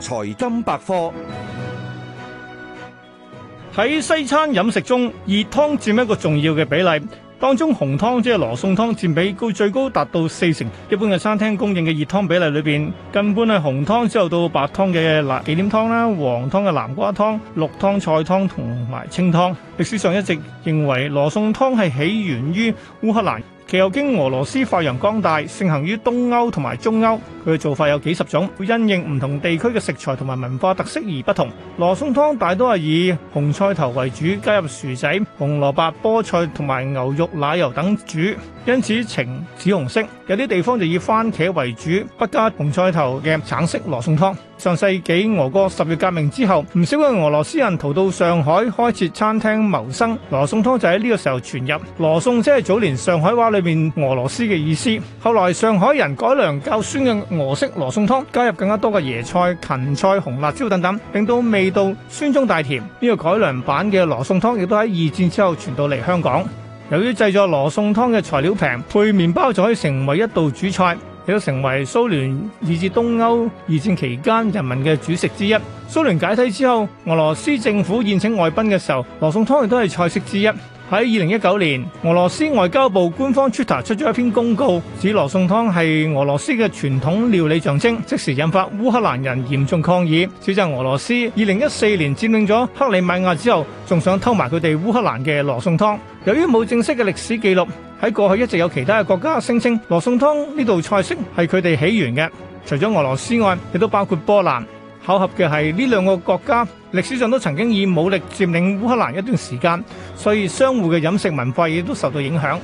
財金百科。喺西餐飲食中，熱湯佔一個重要嘅比例。當中紅湯即係羅宋湯，佔比高最高達到四成。一般嘅餐廳供應嘅熱湯比例裏邊，根本係紅湯之後到白湯嘅辣忌廉湯啦，黃湯嘅南瓜湯、綠湯菜湯同埋清湯。歷史上一直認為羅宋湯係起源於烏克蘭。其後經俄羅斯發揚光大，盛行於東歐同埋中歐。佢嘅做法有幾十種，會因應唔同地區嘅食材同埋文化特色而不同。羅宋湯大多係以紅菜頭為主，加入薯仔、紅蘿蔔、菠菜同埋牛肉、奶油等煮，因此呈紫紅色。有啲地方就以番茄為主，不加紅菜頭嘅橙色羅宋湯。上世紀俄國十月革命之後，唔少嘅俄羅斯人逃到上海開設餐廳謀生。羅宋湯就喺呢個時候傳入。羅宋即係早年上海話裏面俄羅斯嘅意思。後來上海人改良較酸嘅俄式羅宋湯，加入更加多嘅椰菜、芹菜、紅辣椒等等，令到味道酸中帶甜。呢個改良版嘅羅宋湯亦都喺二戰之後傳到嚟香港。由於製作羅宋湯嘅材料平，配麵包就可以成為一道主菜。亦都成為蘇聯以至東歐二戰期間人民嘅主食之一。蘇聯解體之後，俄羅斯政府宴請外賓嘅時候，羅宋湯亦都係菜式之一。喺二零一九年，俄羅斯外交部官方 Twitter 出咗一篇公告，指羅宋湯係俄羅斯嘅傳統料理象徵，即時引發烏克蘭人嚴重抗議，指責俄羅斯二零一四年佔領咗克里米亞之後，仲想偷埋佢哋烏克蘭嘅羅宋湯。由於冇正式嘅歷史記錄，喺過去一直有其他嘅國家聲稱羅宋湯呢道菜式係佢哋起源嘅，除咗俄羅斯外，亦都包括波蘭。巧合嘅係，呢兩個國家，歷史上都曾經以武力佔領烏克蘭一段時間，所以相互嘅飲食文化亦都受到影響。